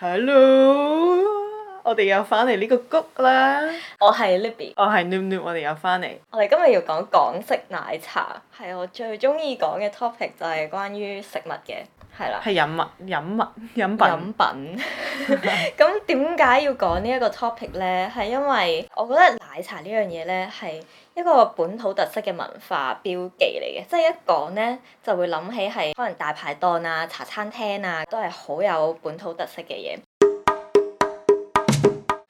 Hello，我哋又翻嚟呢個谷啦。我係 Libby、um um。我係暖暖，我哋又翻嚟。我哋今日要講港式奶茶，係我最鍾意講嘅 topic，就係關於食物嘅。係啦，係飲物、飲物、飲品，飲品。咁點解要講呢一個 topic 呢？係因為我覺得奶茶呢樣嘢呢，係一個本土特色嘅文化標記嚟嘅，即係一講呢，就會諗起係可能大排檔啊、茶餐廳啊，都係好有本土特色嘅嘢。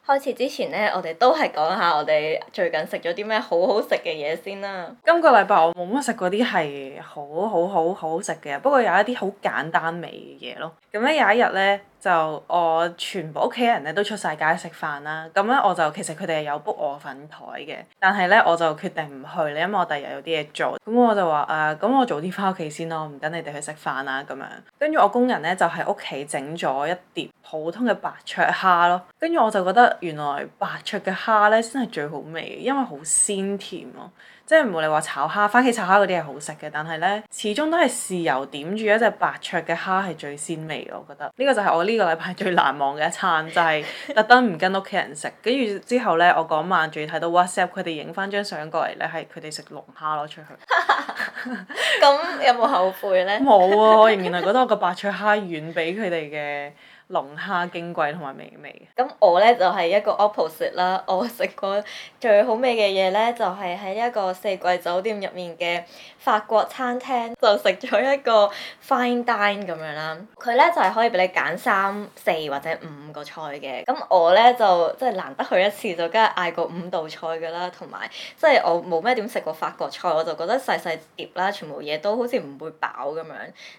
開始之前咧，我哋都係講下我哋最近食咗啲咩好好食嘅嘢先啦。今個禮拜我冇乜食嗰啲係好好好好食嘅，不過有一啲好簡單味嘅嘢咯。咁、嗯、咧有一日咧，就我全部屋企人咧都出晒街食飯啦。咁、嗯、咧我就其實佢哋係有 book 我份台嘅，但係咧我就決定唔去咧，因為我第日有啲嘢做。咁、嗯、我就話啊，咁、嗯、我早啲翻屋企先咯，唔跟你哋去食飯啦咁樣。跟、嗯、住、嗯、我工人咧就喺屋企整咗一碟。普通嘅白灼蝦咯，跟住我就覺得原來白灼嘅蝦呢先係最好味，因為好鮮甜咯、哦。即係冇你話炒蝦、番茄炒蝦嗰啲係好食嘅，但係呢，始終都係豉油點住一隻白灼嘅蝦係最鮮味，我覺得呢、這個就係我呢個禮拜最難忘嘅一餐，就係特登唔跟屋企人食。跟住之後呢，我嗰晚仲要睇到 WhatsApp，佢哋影翻張相過嚟咧，係佢哋食龍蝦咯出去。咁 有冇後悔呢？冇啊，我仍然係覺得我個白灼蝦遠比佢哋嘅。龍蝦矜貴同埋美味。咁我咧就係、是、一個 opposite 啦，我食過最好味嘅嘢咧就係、是、喺一個四季酒店入面嘅法國餐廳就食咗一個 fine dine 咁樣啦。佢咧就係、是、可以俾你揀三四或者五個菜嘅。咁我咧就即係難得去一次，就梗係嗌過五道菜噶啦，同埋即係我冇咩點食過法國菜，我就覺得細細碟啦，全部嘢都好似唔會飽咁樣，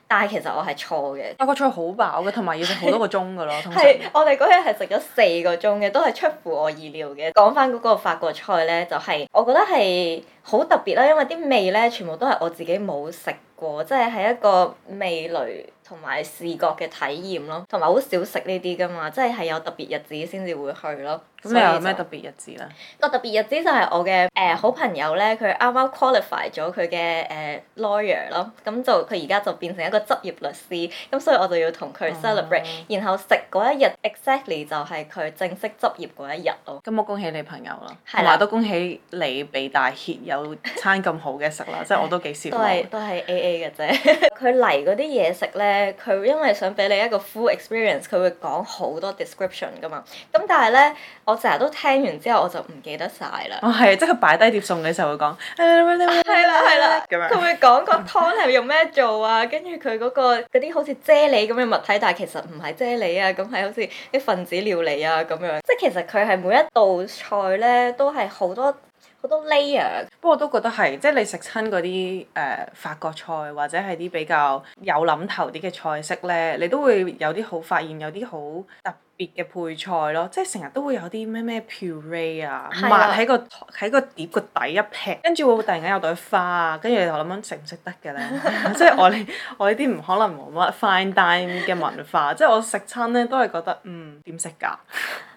但係其實我係錯嘅，法國菜好飽嘅，同埋要食好多個鐘。 中噶咯，是我哋嗰日係食咗四個鐘嘅，都係出乎我意料嘅。講翻嗰個法國菜咧，就係、是、我覺得係好特別啦，因為啲味咧全部都係我自己冇食過，即係係一個味蕾。同埋視覺嘅體驗咯，同埋好少食呢啲㗎嘛，即係係有特別日子先至會去咯。咁有咩特別日子呢？個特別日子就係我嘅誒、呃、好朋友呢，佢啱啱 qualify 咗佢嘅誒 lawyer 咯，咁就佢而家就變成一個執業律師，咁所以我就要同佢 celebrate、嗯。然後食嗰一日 exactly 就係佢正式執業嗰一日咯。咁我恭喜你朋友啦！同埋的都恭喜你俾大鐵有餐咁好嘅食啦， 即係我都幾羨慕。的都係 A A 嘅啫，佢嚟嗰啲嘢食呢。誒佢因為想俾你一個 full experience，佢會講好多 description 噶嘛。咁但係呢，我成日都聽完之後我就唔記得晒啦。係、哦，即係佢擺低碟餸嘅時候會講。係啦係啦。咁樣。佢會講個湯係用咩做啊？跟住佢嗰個嗰啲好似啫喱咁嘅物體，但係其實唔係啫喱啊，咁係好似啲分子料理啊咁樣。即係其實佢係每一道菜呢都係好多。好多 layer，不過我都覺得係，即係你食親嗰啲誒法國菜或者係啲比較有諗頭啲嘅菜式咧，你都會有啲好發現，有啲好特別嘅配菜咯。即係成日都會有啲咩咩 puree 啊，抹喺個喺個碟個底一劈，跟住會突然間有朵花啊，跟住我諗緊食唔食得嘅咧。即係我呢我呢啲唔可能冇乜 fine dine 嘅文化，即係我食親咧都係覺得嗯點食㗎？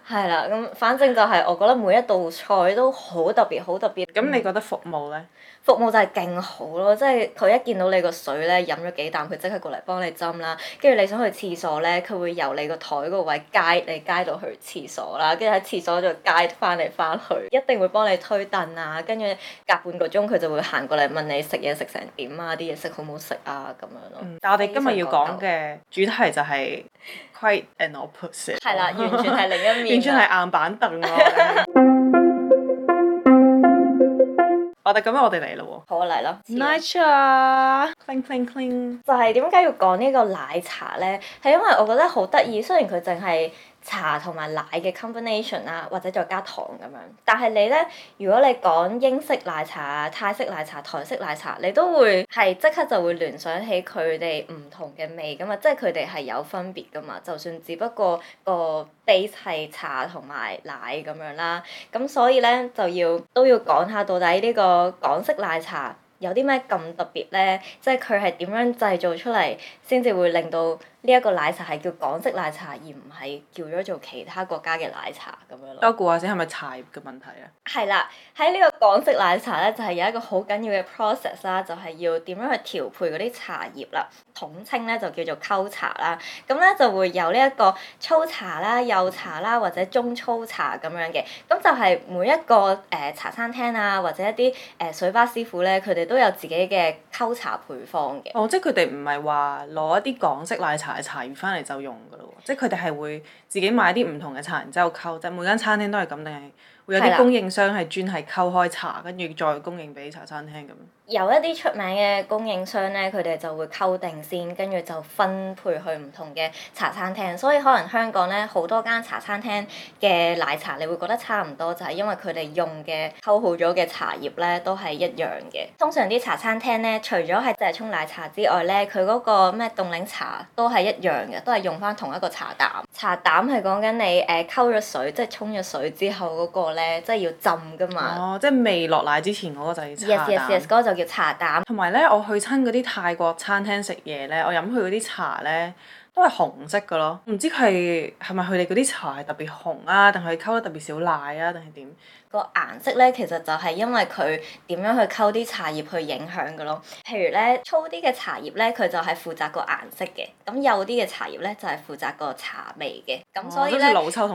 係啦，咁反正就係我覺得每一道菜都好特別，好特別。咁、嗯、你覺得服務咧？服務就係勁好咯，即係佢一見到你個水咧飲咗幾啖，佢即刻過嚟幫你斟啦。跟住你想去廁所咧，佢會由你個台嗰位街你街到去廁所啦，跟住喺廁所度街翻嚟翻去，一定會幫你推凳啊。跟住隔半個鐘佢就會行過嚟問你食嘢食成點啊，啲嘢食好唔好食啊咁樣咯。嗯、但我哋今日要講嘅主題就係 quite an opposite。係啦，完全係另一面， 完全係硬板凳喎、啊。 我哋咁樣，我哋嚟咯喎！好啊，嚟咯！奶茶，clink clink clink，就係點解要講呢個奶茶呢？係因為我覺得好得意，雖然佢淨係茶同埋奶嘅 combination 啊，或者再加糖咁樣。但係你呢，如果你講英式奶茶啊、泰式奶茶、台式奶茶，你都會係即刻就會聯想起佢哋唔同嘅味㗎嘛，即係佢哋係有分別㗎嘛。就算只不過個 base 係茶同埋奶咁樣啦，咁所以呢，就要都要講下到底呢個港式奶茶。有啲咩咁特別呢？即係佢係點樣製造出嚟，先至會令到呢一個奶茶係叫港式奶茶，而唔係叫咗做其他國家嘅奶茶咁樣咯。估下先，係咪茶葉嘅問題啊？係啦，喺呢個港式奶茶呢，就係有一個好緊要嘅 process 啦，就係要點樣去調配嗰啲茶葉啦。統稱呢，就叫做溝茶啦。咁呢，就會有呢一個粗茶啦、幼茶啦或者中粗茶咁樣嘅。咁就係每一個誒、呃、茶餐廳啊或者一啲誒、呃、水吧師傅呢。佢哋。都有自己嘅溝茶配方嘅。哦，即係佢哋唔係話攞一啲港式奶茶嘅茶葉翻嚟就用噶咯，即係佢哋係會自己買啲唔同嘅茶，然之後溝，即係每間餐廳都係咁，定係？會有啲供應商係專係溝開茶，跟住再供應俾茶餐廳咁。 有一啲出名嘅供應商呢，佢哋就會溝定先，跟住就分配去唔同嘅茶餐廳。所以可能香港呢好多間茶餐廳嘅奶茶，你會覺得差唔多，就係因為佢哋用嘅溝好咗嘅茶葉呢都係一樣嘅。通常啲茶餐廳呢，除咗係淨係沖奶茶之外呢，佢嗰個咩凍檸茶都係一樣嘅，都係用返同一個茶膽。茶膽係講緊你誒溝咗水，即係沖咗水之後嗰個咧，即係要浸噶嘛。哦，oh, 即係未落奶之前嗰個就要茶膽。Yes, yes, yes, 嗰個就叫茶膽。同埋咧，我去親嗰啲泰國餐廳食嘢咧，我飲佢嗰啲茶咧都係紅色噶咯，唔知佢係咪佢哋嗰啲茶係特別紅啊，定係溝得特別少奶啊，定係點？個顏色呢，其實就係因為佢點樣去溝啲茶葉去影響嘅咯。譬如呢，粗啲嘅茶葉呢，佢就係負責個顏色嘅；咁幼啲嘅茶葉呢，就係負責個茶味嘅。咁、哦、所以呢，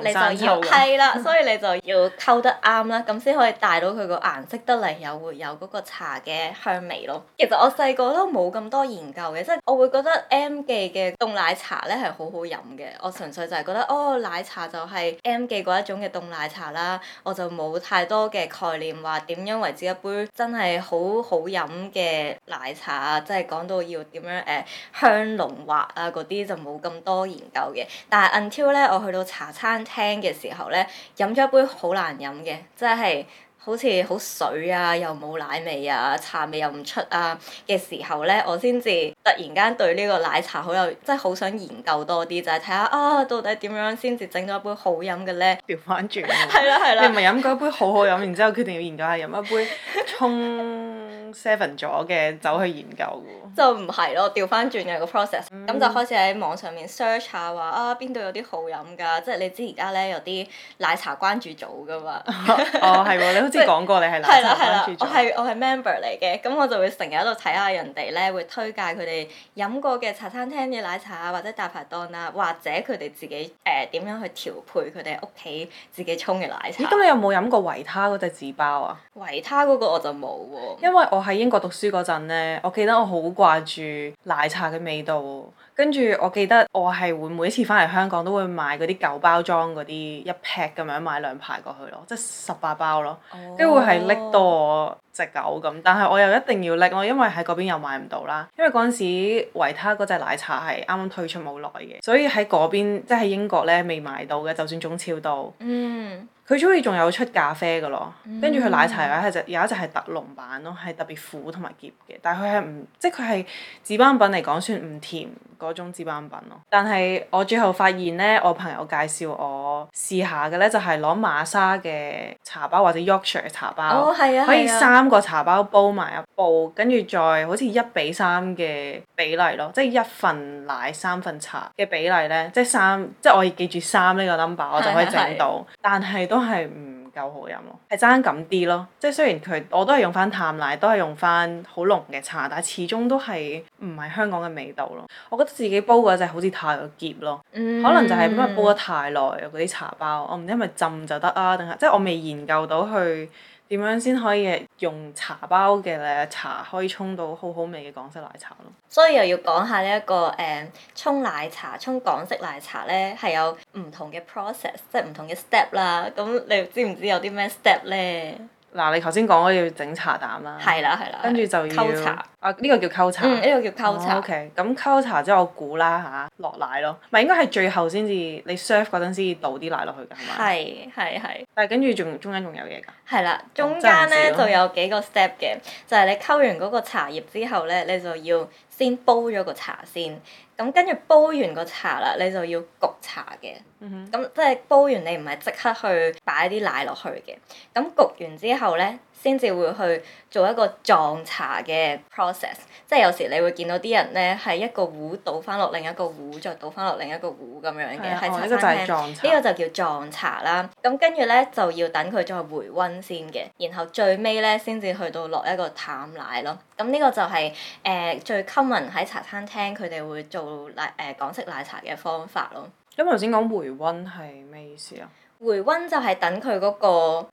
你就要係啦，所以你就要溝得啱啦，咁先 可以帶到佢個顏色得嚟，有會有嗰個茶嘅香味咯。其實我細個都冇咁多研究嘅，即係我會覺得 M 記嘅凍奶茶呢係好好飲嘅。我純粹就係覺得，哦，奶茶就係 M 記嗰一種嘅凍奶茶啦，我就冇太多嘅概念，話點樣為之一杯真係好好飲嘅奶茶啊！即係講到要點樣誒、呃、香濃滑啊嗰啲就冇咁多研究嘅。但係 until 呢，我去到茶餐廳嘅時候呢，飲咗一杯好難飲嘅，即係。好似好水啊，又冇奶味啊，茶味又唔出啊嘅時候呢，我先至突然間對呢個奶茶好有，即係好想研究多啲，就係、是、睇下啊，到底點樣先至整到一杯好飲嘅呢？調翻轉，係啦係啦，你唔係飲過一杯好好飲，然之後決定要研究下飲一杯沖。Seven 咗嘅走去研究嘅就唔係咯，調翻轉嘅個 process，咁、嗯、就開始喺網上面 search 下話啊邊度有啲好飲噶，即、就、係、是、你知而家呢，有啲奶茶關注組噶嘛。 哦，係喎，你好似講過你係奶茶關注組。係啦係啦，我係我係 member 嚟嘅，咁我就會成日喺度睇下人哋呢，會推介佢哋飲過嘅茶餐廳嘅奶茶啊，或者大排檔啊，或者佢哋自己誒點、呃、樣去調配佢哋屋企自己沖嘅奶茶。咦？咁你有冇飲過維他嗰隻紙包啊？維他嗰個我就冇喎。因為我我喺英國讀書嗰陣呢，我記得我好掛住奶茶嘅味道。跟住我記得，我係會每一次翻嚟香港都會買嗰啲舊包裝嗰啲一 pack 咁樣，買兩排過去咯，即係十八包咯。跟住、oh. 會係拎多我隻狗咁，但係我又一定要拎咯，因為喺嗰邊又買唔到啦。因為嗰陣時維他嗰隻奶茶係啱啱推出冇耐嘅，所以喺嗰邊，即係喺英國咧未買到嘅，就算中超到。嗯。佢最尾仲有出咖啡嘅咯，跟住佢奶茶咧係一隻有一隻係特濃版咯，係特別苦同埋澀嘅，但係佢係唔，即係佢係紙包品嚟講算唔甜。嗰種滋補品咯，但係我最後發現呢，我朋友介紹我試下嘅呢，就係攞馬莎嘅茶包或者 Yorkshire 嘅茶包，茶包哦啊、可以三個茶包煲埋一煲，跟住再好似一比三嘅比例咯，即係一份奶三份茶嘅比例呢。即係三即係我記住三呢個 number 我就可以整到，啊啊、但係都係唔夠好飲咯，係爭咁啲咯，即係雖然佢我都係用翻淡奶，都係用翻好濃嘅茶，但係始終都係唔係香港嘅味道咯。我覺得自己煲嗰隻好似太過澀咯，嗯、可能就係因為煲得太耐啊，嗰啲茶包，我唔知係咪浸就得啊，定係即係我未研究到去。點樣先可以用茶包嘅茶可以沖到好好味嘅港式奶茶咯？所以又要講下呢、這、一個誒、嗯、沖奶茶、沖港式奶茶咧，係有唔同嘅 process，即係唔同嘅 step 啦。咁你知唔知有啲咩 step 咧？嗱，你頭先講我要整茶膽啦，係啦係啦，跟住就要溝茶啊呢、呢個叫溝茶，呢、嗯呢個叫溝茶。O K，咁溝茶之後我估啦嚇，落、啊、奶咯，咪係應該係最後先至你 serve 嗰陣先要倒啲奶落去㗎，係咪？係係係。但係跟住仲中間仲有嘢㗎。係啦，中間咧就有、哦、有幾個 step 嘅，就係、是、你溝完嗰個茶葉之後咧，你就要。先煲咗個茶先，咁跟住煲完個茶啦，你就要焗茶嘅，咁即係煲完你唔係即刻去擺啲奶落去嘅，咁焗完之後咧。先至會去做一個撞茶嘅 process，即係有時你會見到啲人呢，係一個壺倒翻落另一個壺，再倒翻落另一個壺咁樣嘅喺對茶餐廳。呢、哦這個、個就叫撞茶啦。咁跟住呢，就要等佢再回溫先嘅，然後最尾呢，先至去到落一個淡奶咯。咁、嗯、呢、這個就係、是、誒、呃、最 common 喺茶餐廳佢哋會做奶誒港式奶茶嘅方法咯。咁頭先講回溫係咩意思啊？回溫就係等佢嗰、那個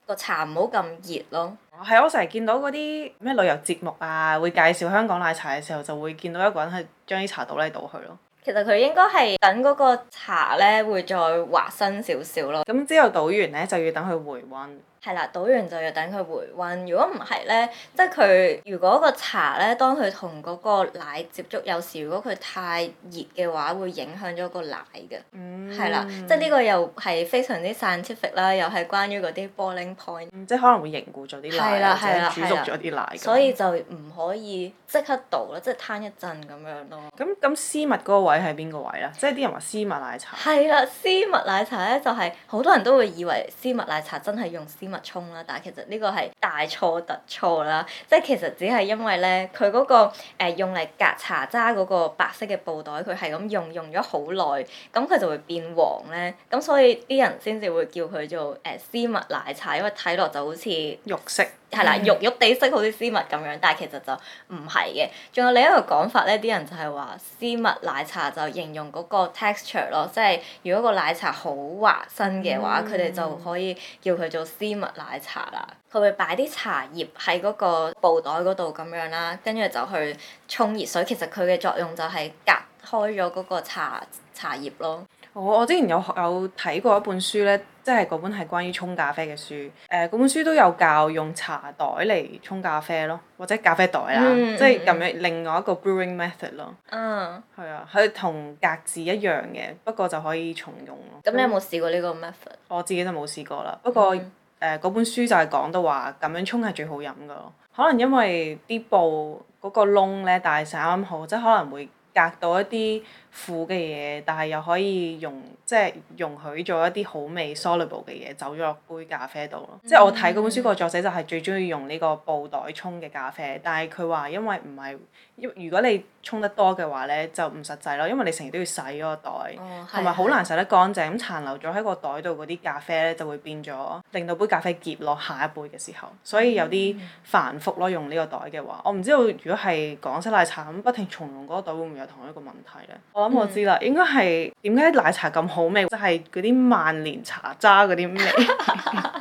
那個茶唔好咁熱咯。係我成日見到嗰啲咩旅遊節目啊，會介紹香港奶茶嘅時候，就會見到一個人係將啲茶倒嚟倒去咯。其實佢應該係等嗰個茶咧，會再滑身少少咯。咁之後倒完咧，就要等佢回温。係啦，倒完就要等佢回溫。如果唔係呢，即係佢如果個茶呢，當佢同嗰個奶接觸，有時如果佢太熱嘅話，會影響咗個奶嘅。嗯。係啦，即係呢個又係非常之 scientific 啦，又係關於嗰啲 boiling point、嗯。即係可能會凝固咗啲奶，或者煮熟咗啲奶。所以就唔可以即刻倒啦、就是，即係攤一陣咁樣咯。咁咁絲襪嗰個位係邊個位啊？即係啲人話絲襪奶茶。係啦，絲襪奶茶呢、就是，就係好多人都會以為絲襪奶茶真係用絲襪。物衝啦，但係其實呢個係大錯特錯啦，即係其實只係因為呢，佢嗰、那個誒、呃、用嚟隔茶渣嗰個白色嘅布袋，佢係咁用用咗好耐，咁佢就會變黃呢，咁所以啲人先至會叫佢做誒、呃、絲襪奶茶，因為睇落就好似肉色。係啦，肉肉 地色好似絲襪咁樣，但係其實就唔係嘅。仲有另一個講法呢，啲人就係話絲襪奶茶就形容嗰個 texture 咯，即係如果個奶茶好滑身嘅話，佢哋、嗯、就可以叫佢做絲襪奶茶啦。佢會擺啲茶葉喺嗰個布袋嗰度咁樣啦，跟住就去沖熱水。其實佢嘅作用就係隔開咗嗰個茶茶葉咯。我我之前有有睇過一本書呢。即係嗰本係關於沖咖啡嘅書，誒、呃、嗰本書都有教用茶袋嚟沖咖啡咯，或者咖啡袋啦，嗯嗯、即係咁樣另外一個 brewing method 咯。嗯，係啊，佢同隔紙一樣嘅，不過就可以重用咯。咁、嗯、以你有冇試過呢個 method？我自己就冇試過啦，不過誒嗰、嗯呃、本書就係講到話咁樣沖係最好飲㗎咯。可能因為啲布嗰個窿呢，大細啱好，即係可能會隔到一啲。苦嘅嘢，但係又可以容即係容許咗一啲好味 soluble 嘅嘢走咗落杯咖啡度咯。嗯、即係我睇嗰本書，個作者就係最中意用呢個布袋沖嘅咖啡。但係佢話，因為唔係，如果你沖得多嘅話呢，就唔實際咯。因為你成日都要洗嗰個袋，同埋好難洗得乾淨。咁是殘留咗喺個袋度嗰啲咖啡呢，就會變咗令到杯咖啡澀落下一杯嘅時候。所以有啲繁複咯，用呢個袋嘅話，嗯嗯、我唔知道如果係港式奶茶咁不停重用嗰個袋，會唔會有同一個問題呢？咁我，我知啦，應該係點解奶茶咁好味，就係嗰啲萬年茶渣嗰啲味。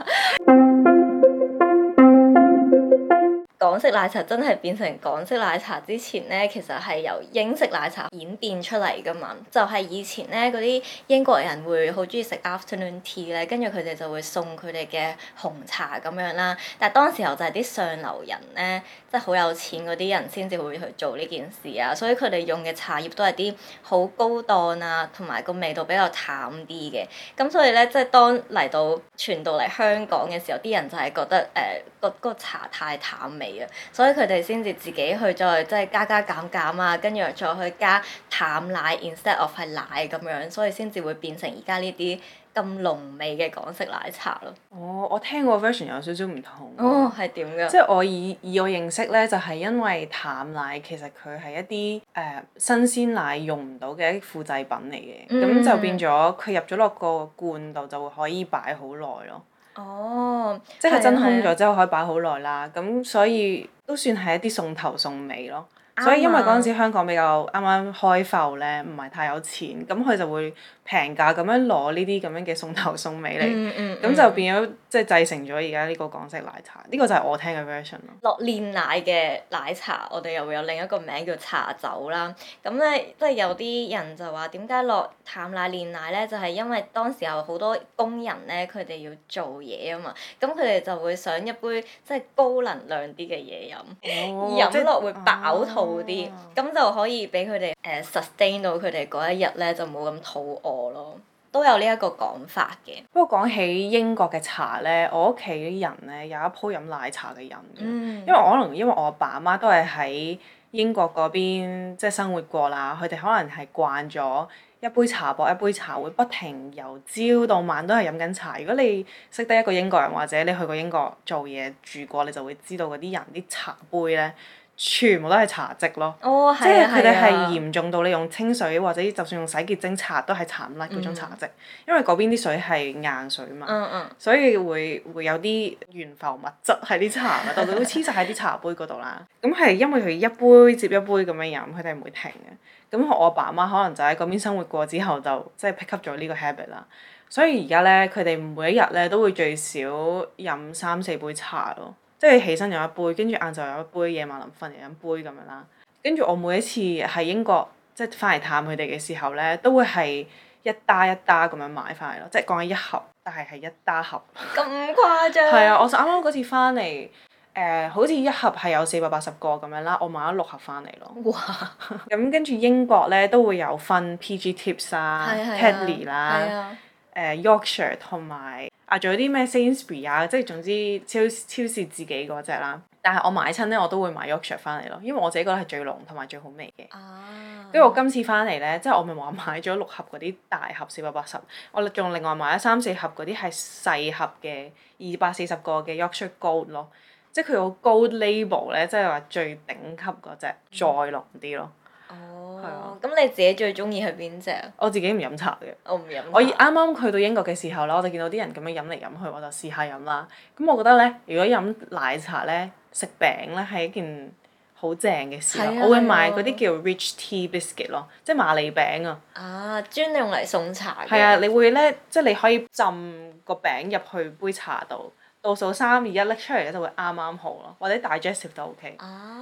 港式奶茶真係變成港式奶茶之前咧，其實係由英式奶茶演變出嚟噶嘛。就係以前咧，嗰啲英國人會好中意食 afternoon tea 咧，跟住佢哋就會送佢哋嘅紅茶咁樣啦。但係當時候就係啲上流人咧，即係好有錢嗰啲人先至會去做呢件事啊，所以佢哋用嘅茶葉都係啲好高檔啊，同埋個味道比較淡啲嘅。咁所以咧，即係當嚟到傳到嚟香港嘅時候，啲人就係覺得誒，個個茶太淡味。所以佢哋先至自己去再即係加加減減啊，跟住再去加淡奶 instead of 係奶咁樣，所以先至會變成而家呢啲咁濃味嘅港式奶茶咯。哦，我聽過 version 有少少唔同。哦，係點㗎？即係我以以我認識咧，就係、是、因為淡奶其實佢係一啲誒、呃、新鮮奶用唔到嘅一啲副製品嚟嘅，咁、嗯、就變咗佢入咗落個罐度就會可以擺好耐咯。哦，oh, 即係真空咗之後可以擺好耐啦，咁、啊、所以都算係一啲送頭送尾咯。所以因為嗰陣時香港比較啱啱開埠咧，唔係太有錢，咁佢就會平價咁樣攞呢啲咁樣嘅送頭送尾嚟，咁、嗯嗯嗯、就變咗即係製成咗而家呢個港式奶茶。呢、這個就係我聽嘅 version 咯。落煉奶嘅奶茶，我哋又會有另一個名叫茶酒啦。咁咧，即係有啲人就話點解落淡奶煉奶咧？就係、是、因為當時候好多工人咧，佢哋要做嘢啊嘛，咁佢哋就會想一杯即係高能量啲嘅嘢飲飲落、哦、會飽肚、啊。好啲，咁、oh. 就可以俾佢哋誒 sustain 到佢哋嗰一日咧，就冇咁肚餓咯。都有呢一個講法嘅。不過講起英國嘅茶咧，我屋企啲人咧，有一鋪飲奶茶嘅人嘅，mm. 因為我可能因為我阿爸阿媽都係喺英國嗰邊即係、就是、生活過啦，佢哋可能係慣咗一杯茶博一杯茶，會不停由朝到晚都係飲緊茶。如果你識得一個英國人，或者你去過英國做嘢住過，你就會知道嗰啲人啲茶杯咧。全部都係茶漬咯，oh, 即係佢哋係嚴重到你用清水、啊、或者就算用洗潔精擦都係殘甩嗰種茶漬，mm hmm. 因為嗰邊啲水係硬水嘛，mm hmm. 所以會會有啲懸浮物質喺啲茶度，導致黐晒喺啲茶杯嗰度啦。咁係 因為佢一杯接一杯咁樣飲，佢哋唔會停嘅。咁我阿爸媽可能就喺嗰邊生活過之後，就即係 pick up 咗呢個 habit 啦。所以而家呢，佢哋每一日呢都會最少飲三四杯茶咯。跟住起身飲一杯，跟住晏晝飲一杯，夜晚臨瞓又一杯咁樣啦。跟住我每一次喺英國即係翻嚟探佢哋嘅時候咧，都會係一打一打咁樣買翻嚟咯。即係講緊一盒，但係係一打盒，盒。咁誇張？係 啊，我就啱啱嗰次翻嚟，誒、呃、好似一盒係有四百八十個咁樣啦，我買咗六盒翻嚟咯。哇！咁跟住英國咧都會有分 PG Tips 啊的，Teddy 啦。誒 Yorkshire 同埋啊，仲、uh, 有啲咩 Sainsbury 啊，即係總之超超市自己嗰隻啦。但係我買親呢，我都會買 Yorkshire 翻嚟咯，因為我自己覺得係最濃同埋最好味嘅。跟住、啊、我今次翻嚟呢，即係我咪話買咗六盒嗰啲大盒四百八十，我仲另外買咗三四盒嗰啲係細盒嘅二百四十個嘅 Yorkshire Gold 咯。即係佢個 Gold Label 呢，即係話最頂級嗰隻，再濃啲咯。嗯哦，咁、oh, 吧你自己最中意係邊隻？我自己唔飲茶嘅。我唔飲。我啱啱去到英國嘅時候啦，我就見到啲人咁樣飲嚟飲去，我就試下飲啦。咁我覺得咧，如果飲奶茶咧，食餅咧係一件好正嘅事、啊、我會買嗰啲叫 Rich Tea Biscuit 咯，即係瑪利餅啊。啊！專用嚟送茶嘅。係啊，你會咧，即係你可以浸個餅入去杯茶度。倒數三二一拎出嚟咧就會啱啱好咯，或者 digestive 都 O K，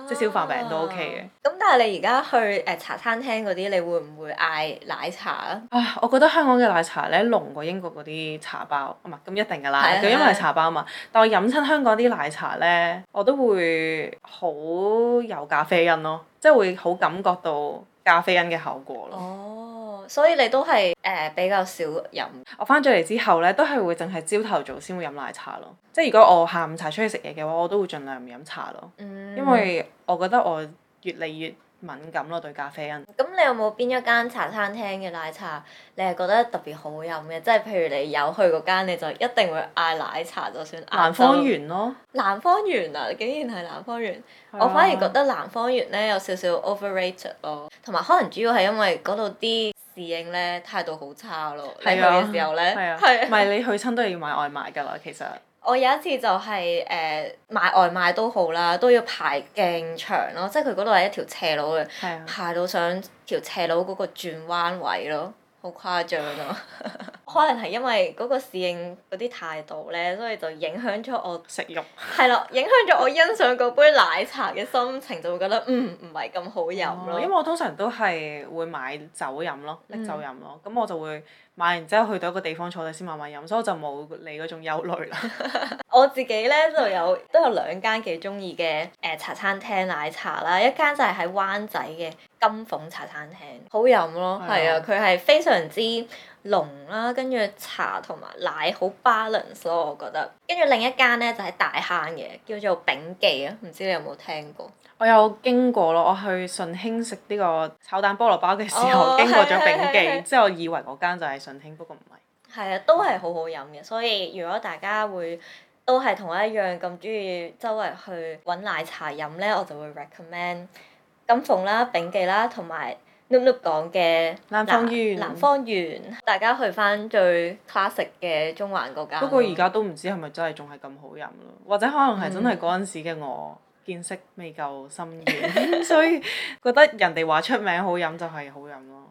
即消化餅都 O K 嘅。咁、啊、但係你而家去誒、呃、茶餐廳嗰啲，你會唔會嗌奶茶啊？啊，我覺得香港嘅奶茶咧濃過英國嗰啲茶包，唔係咁一定嘅啦，咁、啊、因為係茶包啊嘛。啊，但我飲親香港啲奶茶咧，我都會好有咖啡因咯，即係會好感覺到咖啡因嘅效果咯。哦所以你都係誒、呃、比較少飲。我翻咗嚟之後呢，都係會淨係朝頭早先會飲奶茶咯。即係如果我下午茶出去食嘢嘅話，我都會盡量唔飲茶咯。嗯、因為我覺得我越嚟越敏感咯對咖啡因。咁你有冇邊一間茶餐廳嘅奶茶，你係覺得特別好飲嘅？即係譬如你有去嗰間，你就一定會嗌奶茶就算。南方園咯。南方園啊，竟然係南方園，我反而覺得南方園呢有少少 overrated 咯，同埋可能主要係因為嗰度啲。侍應呢態度好差咯，嚟佢嘅時候咧，唔係、啊。啊、 你去親都係要買外賣噶啦，其實。我有一次就係、是、誒、呃、買外賣都好啦，都要排勁長咯，即係佢嗰度係一條斜路嘅，啊、排到上條斜路嗰個轉彎位咯。好誇張咯、啊！ 可能係因為嗰個侍應嗰啲態度呢，所以就影響咗我食慾。係 咯，影響咗我欣賞嗰杯奶茶嘅心情，就會覺得嗯唔係咁好飲咯、哦。因為我通常都係會買酒飲咯，拎酒飲咯，咁、嗯、我就會。買完之後去到一個地方坐低先慢慢飲，所以我就冇你嗰種憂慮啦。 我自己呢就有都有兩間幾中意嘅誒茶餐廳奶茶啦，一間就係喺灣仔嘅金鳳茶餐廳，好飲咯，係啊，佢係、啊、非常之濃啦、啊，跟住茶同埋奶好 balance 咯，我覺得。跟住另一間呢，就喺、係、大坑嘅叫做炳記啊，唔知你有冇聽過？我有經過咯，我去順興食呢個炒蛋菠蘿包嘅時候，哦、經過咗炳記，是是是是是之後我以為嗰間就係順興，不過唔係。係啊，都係好好飲嘅，所以如果大家會都係同我一樣咁中意周圍去揾奶茶飲呢，我就會 recommend 金鳳啦、炳記啦，同埋 Nub Nub 講嘅南方園。南方園，大家去返最 classic 嘅中環嗰間。不過而家都唔知係咪真係仲係咁好飲咯？或者可能係真係嗰陣時嘅我。嗯見識未夠深遠， 所以覺得人哋話出名好飲就係好飲咯。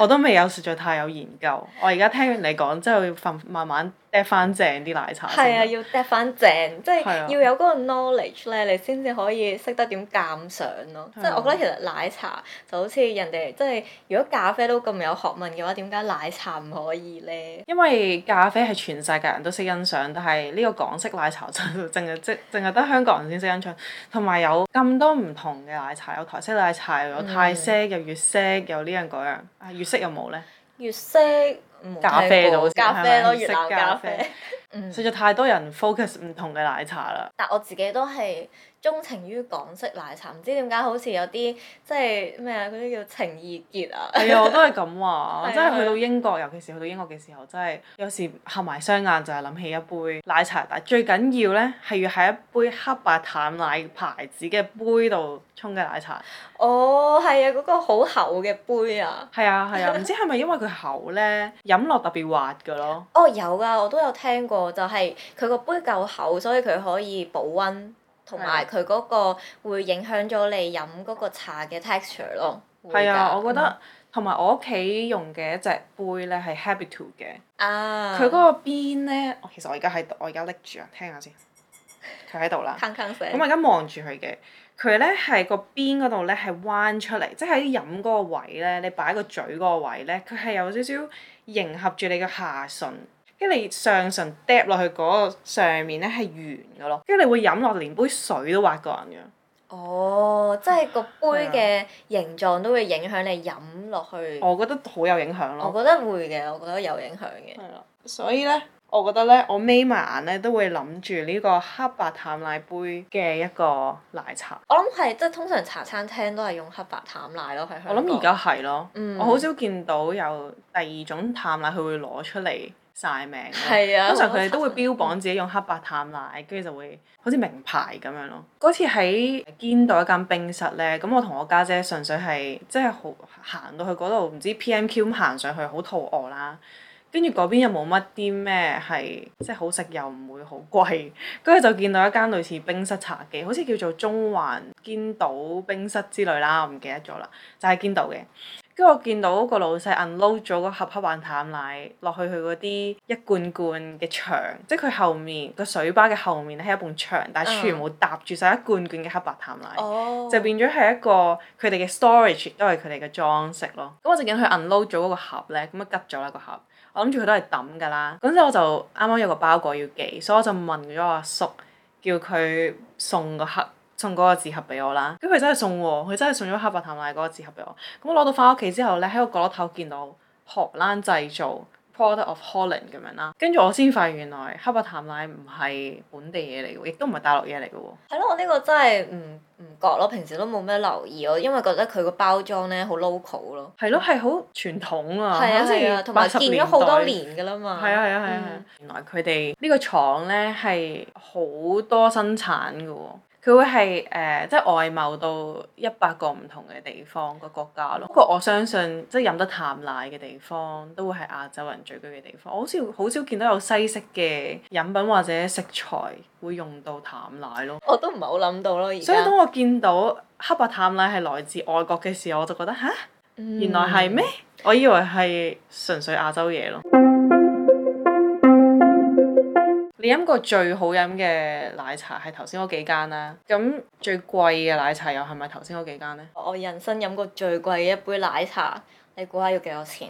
我都未有，實在太有研究。我而家聽完你講，之後要瞓慢慢。揀翻正啲奶茶先。係啊，要揀翻正，即係是、啊、要有嗰個 knowledge 咧，你先至可以識得點鑑賞咯。啊、即係我覺得其實奶茶就好似人哋，即係如果咖啡都咁有學問嘅話，點解奶茶唔可以呢？因為咖啡係全世界人都識欣賞，但係呢個港式奶茶就淨係即淨係得香港人先識欣賞，有有同埋有咁多唔同嘅奶茶，有台式奶茶，有泰式，有粵式，有呢、這個、樣嗰樣。啊，粵式有冇呢？粵式。咖啡到，咖啡咯，越南咖啡。嗯吧，實在太多人 focus 唔同嘅奶茶啦。但我自己都係，鍾情於港式奶茶，唔知點解好似有啲即係咩啊？嗰啲叫情意結啊！係啊，我都係咁話，我真係去到英國，尤其是去到英國嘅時候，真係有時合埋雙眼就係諗起一杯奶茶。但最緊要呢，係要喺一杯黑白淡奶牌子嘅杯度沖嘅奶茶。哦，係啊，嗰個好厚嘅杯啊！係啊係啊，唔知係咪因為佢厚呢，飲落特別滑㗎咯？哦，有噶，我都有聽過，就係佢個杯夠厚，所以佢可以保溫。同埋佢嗰個會影響咗你飲嗰個茶嘅 texture 咯。係啊，我覺得同埋、嗯、我屋企用嘅一隻杯咧係 habitual 嘅。啊！佢嗰個邊咧，其實我而家喺度，我而家拎住啊，聽下先。佢喺度啦。咁 我而家望住佢嘅，佢咧係個邊嗰度咧係彎出嚟，即係喺飲嗰個位咧，你擺個嘴嗰個位咧，佢係有少少迎合住你嘅下唇。跟住你上層滴落去嗰、那個、上面咧係圓嘅咯，跟住你會飲落連杯水都挖過人嘅。哦，oh, 即係個杯嘅形狀 的都會影響你飲落去。我覺得好有影響咯。我覺得會嘅，我覺得有影響嘅。係啦， 所以咧，我覺得咧，我眯埋眼咧都會諗住呢個黑白淡奶杯嘅一個奶茶。我諗係即係通常茶餐廳都係用黑白淡奶咯，喺香港。我諗而家係咯，嗯、我好少見到有第二種淡奶佢會攞出嚟。曬命，通、啊、常佢哋都會標榜自己用黑白淡奶，跟住就會好似名牌咁樣咯。嗰 次喺堅道一間冰室咧，咁我同我家姐，姐純粹係即係好行到去嗰度，唔知 PMQ 咁行上去，好肚餓啦。跟住嗰邊又冇乜啲咩係即係好食又唔會好貴，跟住就見到一間類似冰室茶記，好似叫做中環堅道冰室之類啦，我唔記得咗啦，就係、是、堅道嘅。跟住我見到個老細 unload 咗個盒黑白淡奶落去佢嗰啲一罐罐嘅牆，即佢後面個水吧嘅後面係一埲牆，但係全部搭住晒一罐罐嘅黑白淡奶，嗯、就變咗係一個佢哋嘅 storage 都係佢哋嘅裝飾咯。咁我就見佢 unload 咗嗰個盒呢，咁啊吉咗啦個盒。我諗住佢都係抌㗎啦。咁之後我就啱啱有個包裹要寄，所以我就問咗阿叔，叔，叫佢送個盒。送嗰個紙盒俾我啦，咁佢真係送喎，佢真係送咗黑白淡奶嗰個紙盒俾我。咁我攞到翻屋企之後呢，喺個角落頭見到荷蘭製造 ，Product of Holland 咁樣啦。跟住我先發現原來黑白淡奶唔係本地嘢嚟嘅，亦都唔係大陸嘢嚟嘅喎。係咯，我呢個真係唔唔覺咯，平時都冇咩留意我，因為覺得佢個包裝呢好 local 咯。係咯，係好傳統啊，嗯、好似，八十年代。同埋見咗好多年嘅啦嘛。係啊係啊係啊，嗯、原來佢哋呢個廠呢係好多生產嘅喎。佢會係誒、呃，即係外貿到一百個唔同嘅地方個國家咯。不過我相信，即係飲得淡奶嘅地方，都會係亞洲人聚居嘅地方。我好少好少見到有西式嘅飲品或者食材會用到淡奶咯。我都唔係好諗到咯，而家。所以當我見到黑白淡奶係來自外國嘅時候，我就覺得吓？嗯、原來係咩？我以為係純粹亞洲嘢咯。你飲過最好飲嘅奶茶係頭先嗰幾間啦。咁最貴嘅奶茶又係咪頭先嗰幾間咧？我人生飲過最貴嘅一杯奶茶，你估下要幾多錢？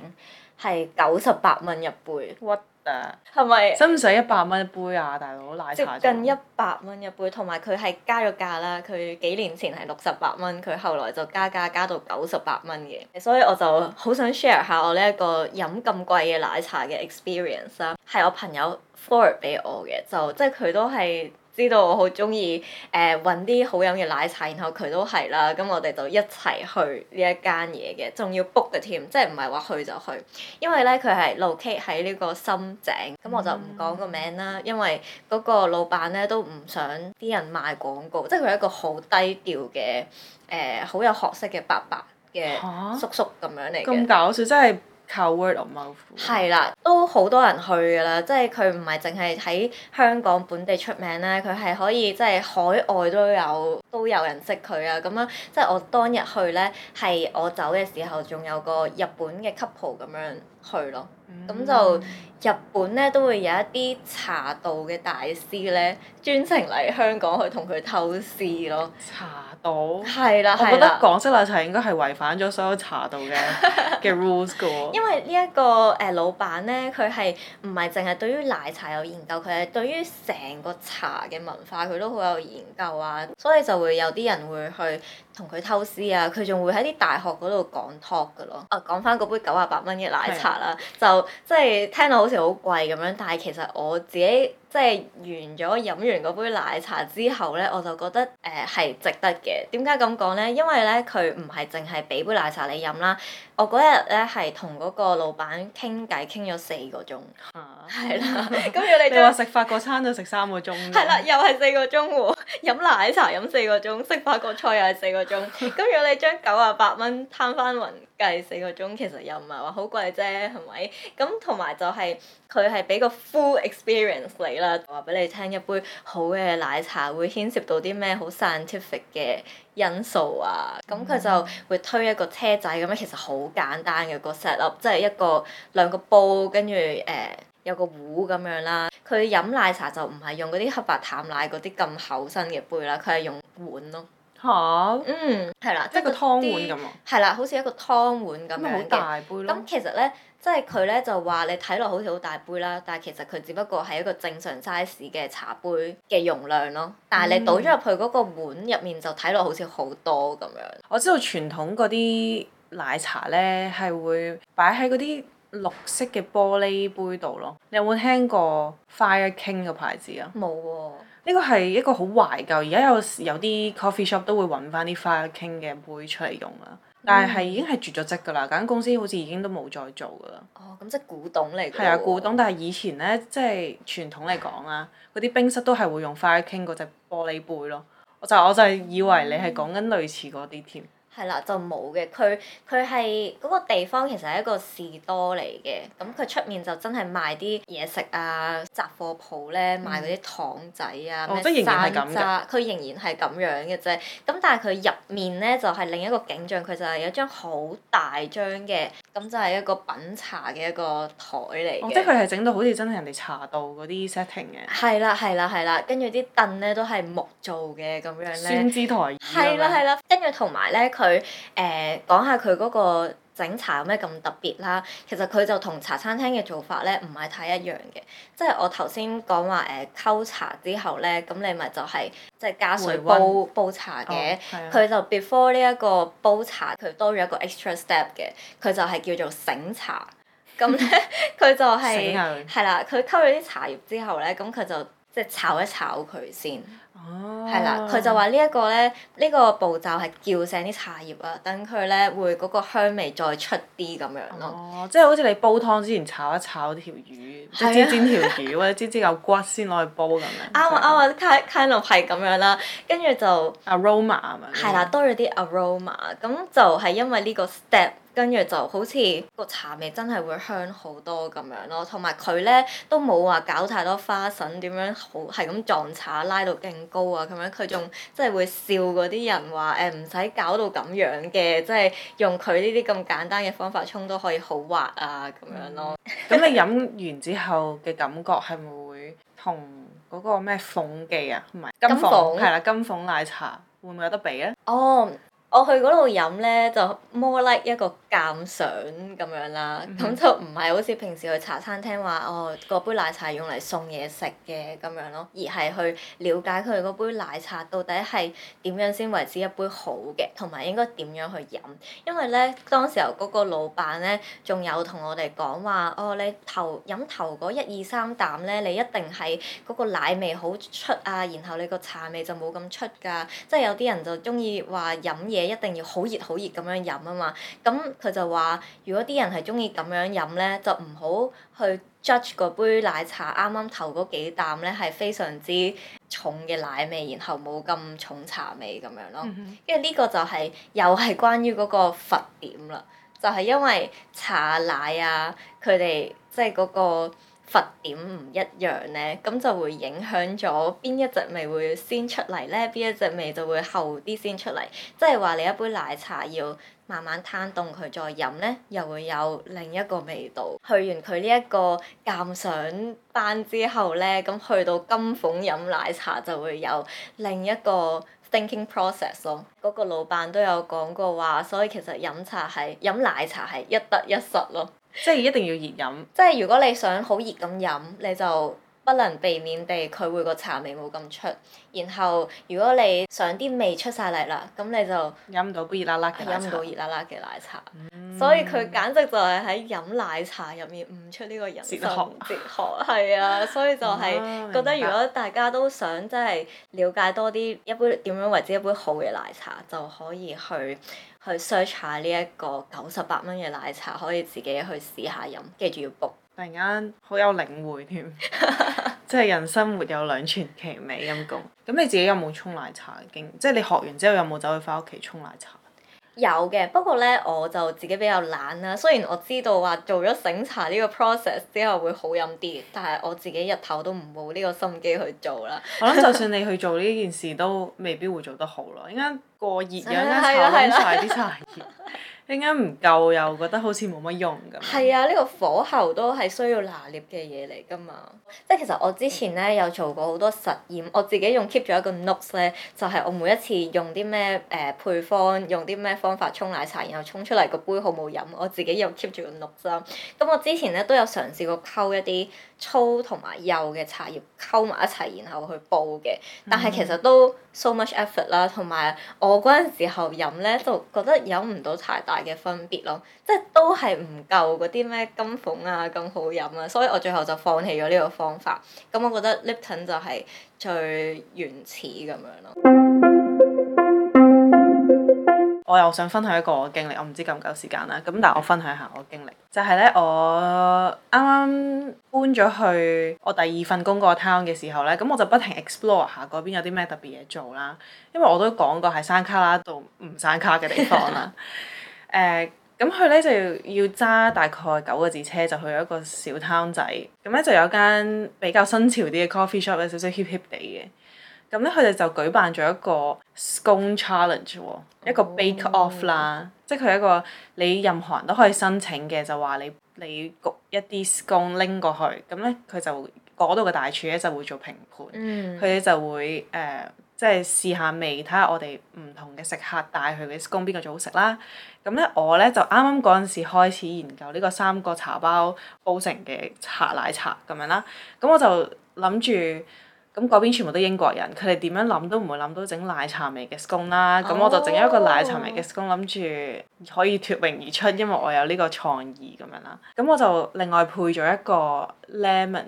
係九十八蚊一杯。What the！係咪使唔使一百蚊一杯啊，大佬奶茶？近一百蚊一杯，同埋佢係加咗價啦。佢幾年前係六十八蚊，佢後來就加價加，加到九十八蚊嘅。所以我就好想 share 下我呢一個飲咁貴嘅奶茶嘅 experience 啦。係我朋友。forward 俾我嘅，就即係佢都係知道我、呃、好中意誒揾啲好飲嘅奶茶，然後佢都係啦。咁我哋就一齊去呢一間嘢嘅，仲要 book 嘅添，即係唔係話去就去。因為呢，佢係 located 喺呢個深井，咁我就唔講個名啦，嗯、因為嗰個老闆呢都唔想啲人賣廣告，即係佢係一個好低調嘅誒，好、呃、有學識嘅伯伯嘅叔叔咁樣嚟咁、啊、搞笑真係～靠 word of mouth 係啦，都好多人去噶啦，即係佢唔係淨係喺香港本地出名啦，佢係可以即係海外都有都有人識佢啊！咁樣，即係我當日去咧，係我走嘅時候仲有個日本嘅 couple 咁樣去咯，咁、mm hmm. 就日本咧都會有一啲茶道嘅大師咧專程嚟香港去同佢偷師咯。茶係啦，oh, 的我覺得港式奶茶應該係違反咗所有茶道嘅嘅 的 rules 噶喎。因為呢一個誒老闆呢，佢係唔係淨係對於奶茶有研究，佢係對於成個茶嘅文化佢都好有研究啊，所以就會有啲人會去。同佢偷師啊，佢仲會喺啲大學嗰度講 talk 噶咯。啊，講返嗰杯九十八蚊嘅奶茶啦，的就即係聽落好似好貴咁樣，但係其實我自己即係完咗飲完嗰杯奶茶之後呢，我就覺得誒係、呃、值得嘅。點解咁講呢？因為呢，佢唔係淨係俾杯奶茶你飲啦。我嗰日咧係同嗰個老闆傾偈傾咗四個鐘，係啦。跟住你你話食法國餐就食三個鐘，係啦，又係四個鐘喎。飲奶茶飲四個鐘，食法國菜又係四個鐘。跟住 你將九啊八蚊攤翻勻。計四個鐘，其實又唔係話好貴啫，係咪？咁同埋就係佢係俾個 full experience 你啦，話俾你聽一杯好嘅奶茶會牽涉到啲咩好 scientific 嘅因素啊！咁佢、嗯、就會推一個車仔咁樣，其實好簡單嘅個 set up，即係一個兩個煲，跟住誒有個壺咁樣啦。佢飲奶茶就唔係用嗰啲黑、白、淡奶嗰啲咁厚身嘅杯啦，佢係用碗咯。吓？哈嗯，係啦，即係個湯碗咁啊，係啦，好似一個湯碗咁樣好大杯咯！咁其實呢，即係佢呢，就話你睇落好似好大杯啦，但係其實佢只不過係一個正常 size 嘅茶杯嘅容量咯。但係你倒咗入去嗰個碗入面就睇落好似好多咁樣。嗯，我知道傳統嗰啲奶茶呢，係會擺喺嗰啲綠色嘅玻璃杯度咯。你有冇聽過 Fire King 嘅牌子啊？冇喎。呢個係一個好懷舊，而家有時有啲 coffee shop 都會揾翻啲 fire king 嘅杯出嚟用啦，嗯、但係已經係絕咗跡㗎啦，間公司好似已經都冇再做㗎啦。哦，咁即係古董嚟。係啊，古董，但係以前呢，即係傳統嚟講啦，嗰啲冰室都係會用 fire king 嗰隻玻璃杯咯，我就我就係以為你係講緊類似嗰啲添。嗯係啦，就冇嘅。佢佢係嗰個地方其實係一個士多嚟嘅，咁佢出面就真係賣啲嘢食啊，雜貨鋪呢，賣嗰啲糖仔啊，咩山楂，佢麼、哦、仍然係咁樣嘅啫。咁但係佢入面呢，就係、是、另一個景象，佢就係有一張好大張嘅，咁就係一個品茶嘅一個台嚟、哦。即係佢係整到好似真係人哋茶道嗰啲 setting 嘅。係啦，係啦，係啦，跟住啲凳呢，都係木做嘅，咁樣。呢，宣紙台係啦，係啦，跟住同埋呢。佢。.佢誒、呃、講下佢嗰個整茶有咩咁特別啦？其實佢就同茶餐廳嘅做法咧，唔係太一樣嘅。即係我頭先講話誒溝茶之後咧，咁你咪就係即係加水煲溫煲茶嘅。佢、哦、就 before 呢一個煲茶，佢多咗一個 extra step 嘅。佢就係叫做醒茶。咁咧，佢 就係係啦。佢溝咗啲茶葉之後咧，咁佢就即係、就是、炒一炒佢先。哦，係啦，佢就話呢一個呢，呢、呢個步驟係叫醒啲茶葉啊，等佢呢會嗰個香味再出啲咁樣咯、哦。即係好似你煲湯之前炒一炒一條魚，即是、啊、煎煎條魚 或者煎煎嚿骨先攞去煲咁 樣。啱、哦、啊啱樣啊，Ken k e n 係咁樣啦，跟住就 Aroma 啊嘛。係、嗯、啦，多咗啲 Aroma，咁就係因為呢個 step，跟住就好似個茶味真係會香好多咁樣咯。同埋佢呢都冇話搞太多花嬸點樣好，係咁撞茶拉到勁。高啊咁樣，佢仲即係會笑嗰啲人話誒唔使搞到咁樣嘅，即係用佢呢啲咁簡單嘅方法沖都可以好滑啊咁樣咯。咁、嗯、你飲完之後嘅感覺係咪會同嗰個咩鳳記啊？唔係金鳳，係啦金鳳奶茶會唔會有得比啊？哦。我去嗰度飲咧，就 more like 一個鑑賞咁樣啦，咁就唔係好似平時去茶餐廳話哦，嗰杯奶茶用嚟送嘢食嘅咁樣咯，而係去了解佢嗰杯奶茶到底係點樣先為之一杯好嘅，同埋應該點樣去飲，因為咧，當時候嗰個老闆咧，仲有同我哋講話哦，你頭飲頭嗰一二三啖咧，你一定係嗰個奶味好出啊，然後你個茶味就冇咁出噶，即係有啲人就中意話飲嘢。嘢一定要好熱好熱咁樣飲啊嘛，咁佢就話：如果啲人係中意咁樣飲呢，就唔好去 judge 嗰杯奶茶啱啱頭嗰幾啖呢係非常之重嘅奶味，然後冇咁重茶味咁樣咯。因為呢個就係、是、又係關於嗰個佛點啦，就係、是、因為茶、奶啊，佢哋即係嗰個。伏點唔一樣呢，咁就會影響咗邊一隻味會先出嚟呢，邊一隻味就會後啲先出嚟。即係話你一杯奶茶要慢慢攤凍佢再飲呢，又會有另一個味道。去完佢呢一個鑒賞班之後呢，咁去到金鳳飲奶茶就會有另一個 thinking process 咯。嗰個老闆都有講過話，所以其實飲茶係，飲奶茶係一得一失咯。即係一定要熱飲。即係如果你想好熱咁飲，你就不能避免地佢會個茶味冇咁出。然後如果你想啲味出晒嚟啦，咁你就飲唔到杯熱辣辣嘅，飲唔到熱辣辣嘅奶茶，所以佢簡直就係喺飲奶茶入面悟出呢個人生哲學。哲學係 啊，所以就係覺得如果大家都想即係了解多啲一,一杯點白樣為之一杯好嘅奶茶，就可以去。去 search 下呢一個九十八蚊嘅奶茶，可以自己去試下飲。跟住要 book。突然間好有領會添，即係 人生沒有兩全其美，陰功。咁 你自己有冇沖奶茶經？即係你學完之後有冇走去翻屋企沖奶茶？有嘅，不過呢，我就自己比較懶啦。雖然我知道話做咗醒茶呢個 process 之後會好飲啲，但係我自己日頭都唔冇呢個心機去做啦。我諗就算你去做呢件事， 都未必會做得好咯。一陣過熱， 一陣炒曬啲茶葉。 點解唔夠又覺得好似冇乜用咁？係啊，呢個火候都係需要拿捏嘅嘢嚟噶嘛。即係其實我之前呢，有做過好多實驗，我自己用 keep 咗一個 note 呢，就係我每一次用啲咩誒配方，用啲咩方法沖奶茶，然後沖出嚟個杯好唔好飲，我自己又 keep 住個 note 咯。咁我之前呢，都有嘗試過溝一啲。粗同埋幼嘅茶葉溝埋一齊，然後去煲嘅。但係其實都 so much effort 啦，同埋我嗰陣時候飲呢，就覺得飲唔到太大嘅分別咯，即係都係唔夠嗰啲咩金鳳啊咁好飲啊，所以我最後就放棄咗呢個方法。咁我覺得 Lipton 就係最原始咁樣咯。 我又想分享一個我經歷，我唔知夠唔夠時間啦。咁但係我分享一下我經歷，就係呢：我啱啱搬咗去我第二份工個 town 嘅時候呢，咁我就不停 explore 下嗰邊有啲咩特別嘢做啦。因為我都講過係山卡拉到唔山卡嘅地方啦。誒、 uh,，咁去咧就要要揸大概九個字車就去一個小 town 仔，咁呢就有間比較新潮啲嘅 coffee shop 咧，少少 hip hip 啲嘅。咁咧，佢哋就舉辦咗一個 scone challenge 喎，一個 bake off 啦，oh. 即係佢一個你任何人都可以申請嘅，就話你你焗一啲 scone 拎過去，咁咧佢就嗰度嘅大廚咧就會做評判，佢咧、mm. 就會誒、呃、即係試下味，睇下我哋唔同嘅食客帶去嘅 scone 邊個最好食啦。咁咧我咧就啱啱嗰陣時開始研究呢個三個茶包煲成嘅茶奶茶咁樣啦，咁我就諗住。咁嗰邊全部都英國人，佢哋點樣諗都唔會諗到整奶茶味嘅 scone 啦。咁、oh. 我就整一個奶茶味嘅 scone，諗住可以脫穎而出，因為我有呢個創意咁樣啦。咁我就另外配咗一個 lemon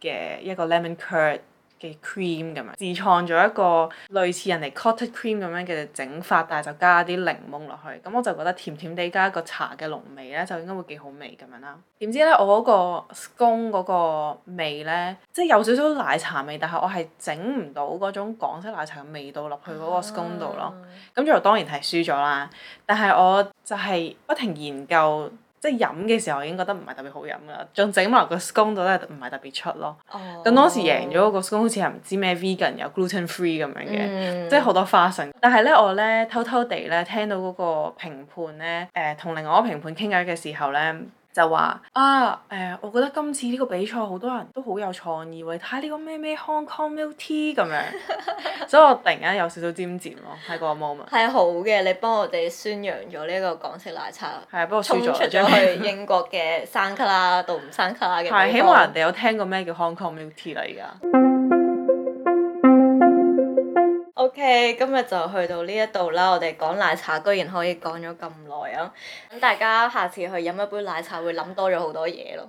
嘅一個 lemon curd。嘅 cream 咁樣自創咗一個類似人哋 cottage cream 咁樣嘅整法，但係就加啲檸檬落去，咁我就覺得甜甜地加一個茶嘅濃味咧，就應該會幾好味咁樣啦。點知咧，我嗰個 scone 嗰個味咧，即係有少少奶茶味，但係我係整唔到嗰種港式奶茶嘅味道落去嗰個 scone 度咯。咁最後、oh. 當然係輸咗啦。但係我就係不停研究。即係飲嘅時候已經覺得唔係特別好飲啦，仲整埋個 scone 度都係唔係特別出咯。咁、oh. 當時贏咗個 scone 好似係唔知咩 vegan 有 gluten free 咁樣嘅，即係好多花生。但係咧，我咧偷偷地咧聽到嗰個評判咧，誒、呃、同另外一個評判傾偈嘅時候咧。就話啊，誒、哎，我覺得今次呢個比賽好多人都好有創意喎，睇下呢個咩咩 Hong Kong Milk Tea 咁樣， 所以我突然間有少少尖尖咯喺嗰個 moment。係好嘅，你幫我哋宣揚咗呢一個港式奶茶，不過衝出咗去英國嘅山卡拉到唔山卡拉嘅。係， 起碼人哋有聽過咩叫 Hong Kong Milk Tea 啦，而家。O.K. 今日就去到呢一度啦，我哋講奶茶居然可以講咗咁耐啊！咁大家下次去飲一杯奶茶會諗多咗好多嘢咯。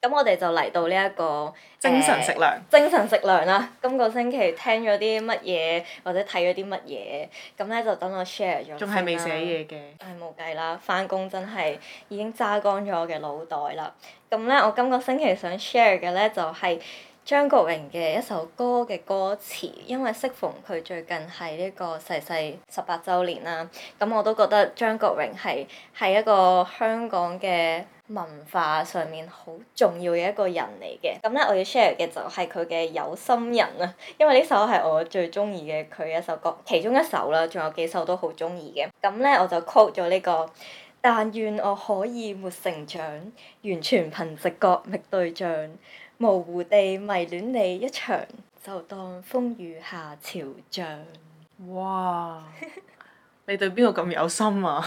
咁 我哋就嚟到呢、這、一個、欸、精神食糧，精神食糧啦！今個星期聽咗啲乜嘢，或者睇咗啲乜嘢？咁呢就等我 share 咗先啦。仲係未寫嘢嘅。唉、啊，冇計啦！翻工真係已經揸乾咗我嘅腦袋啦。咁呢，我今個星期想 share 嘅呢就係、是。張國榮嘅一首歌嘅歌詞，因為適逢佢最近喺呢個逝世十八週年啦，咁我都覺得張國榮係係一個香港嘅文化上面好重要嘅一個人嚟嘅。咁咧，我要 share 嘅就係佢嘅有心人啊，因為呢首係我最中意嘅佢一首歌，其中一首啦，仲有幾首都好中意嘅。咁咧，我就 quote 咗呢個，但願我可以沒成長，完全憑直覺覓對象。模糊地迷戀你一場，就當風雨下潮漲。哇！ 你對邊個咁有心啊？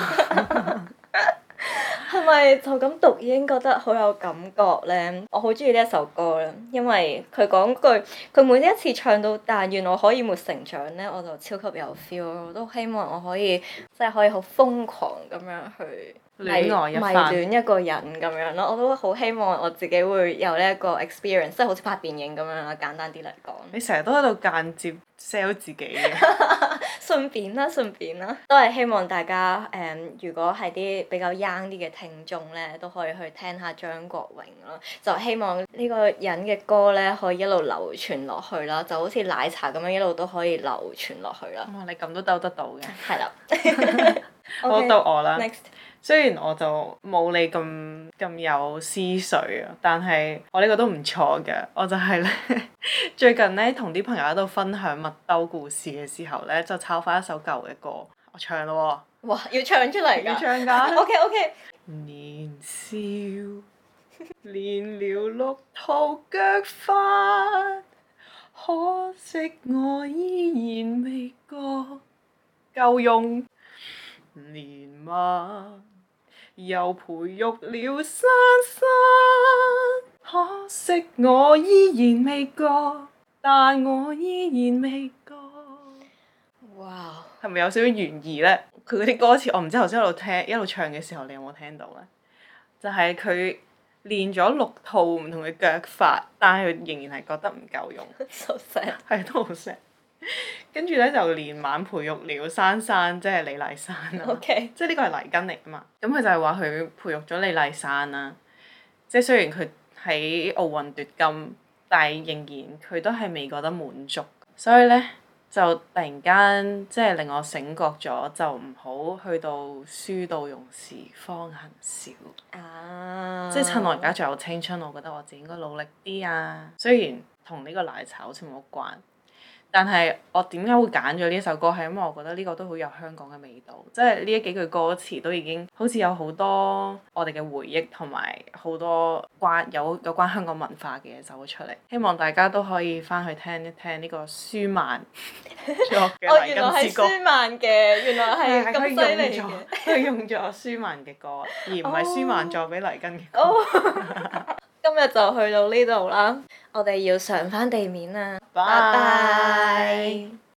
係 咪 就咁讀已經覺得好有感覺咧？我好中意呢一首歌啦，因為佢講句佢每一次唱到但願我可以沒成長咧，我就超級有 feel，我都希望我可以即係可以好瘋狂咁樣去。迷戀一個人咁樣咯，我都好希望我自己會有呢一個 experience，即係好似拍電影咁樣啦，簡單啲嚟講。你成日都喺度間接 sell 自己嘅。 順便啦，順便啦。都係希望大家誒，如果係啲比較 young 啲嘅聽眾呢，都可以去聽下張國榮咯。就希望呢個人嘅歌呢，可以一路流傳落去啦，就好似奶茶咁樣一路都可以流傳落去啦、嗯。你咁都兜得到嘅？係啦。好逗我啦。Next. 雖然我就冇你咁咁有思緒啊，但係我呢個都唔錯嘅。我就係咧， 最近咧同啲朋友喺度分享麥兜故事嘅時候咧，就抄翻一首舊嘅歌，我唱咯喎、哦。哇！要唱出嚟㗎？要唱㗎 ？OK OK 年。年少練了六套腳法，可惜我依然未覺夠用。年嘛，又培育了生生，可惜我依然未過，但我依然未過。哇！係咪有少少懸疑呢？佢啲歌詞，我唔知頭先喺度聽，一路唱嘅時候，你有冇聽到呢？就係佢練咗六套唔同嘅腳法，但係佢仍然係覺得唔夠用，So sad 係都好 sad。跟住咧就連晚培育了珊珊，即係李麗珊，OK，即係呢個係黎根嚟噶嘛。咁、嗯、佢就係話佢培育咗李麗珊啦。即係雖然佢喺奧運奪金，但係仍然佢都係未覺得滿足，所以咧就突然間即係令我醒覺咗，就唔好去到書到用時方恨少。Oh. 即係趁我而家仲有青春，我覺得我自己應該努力啲啊。雖然同呢個奶茶好似冇關。但係我點解會揀咗呢首歌？係因為我覺得呢個都好有香港嘅味道，即係呢一幾句歌詞都已經好似有好多我哋嘅回憶，同埋好多關有有關香港文化嘅嘢走咗出嚟。希望大家都可以翻去聽一聽呢個舒曼 作嘅《黎根之歌》。哦， 原來係 舒曼嘅，原來係咁犀利嘅，用咗舒曼嘅歌，而唔係、oh. 舒曼作俾黎根嘅歌。 今日就去到呢度啦，我哋要上翻地面啦，拜拜。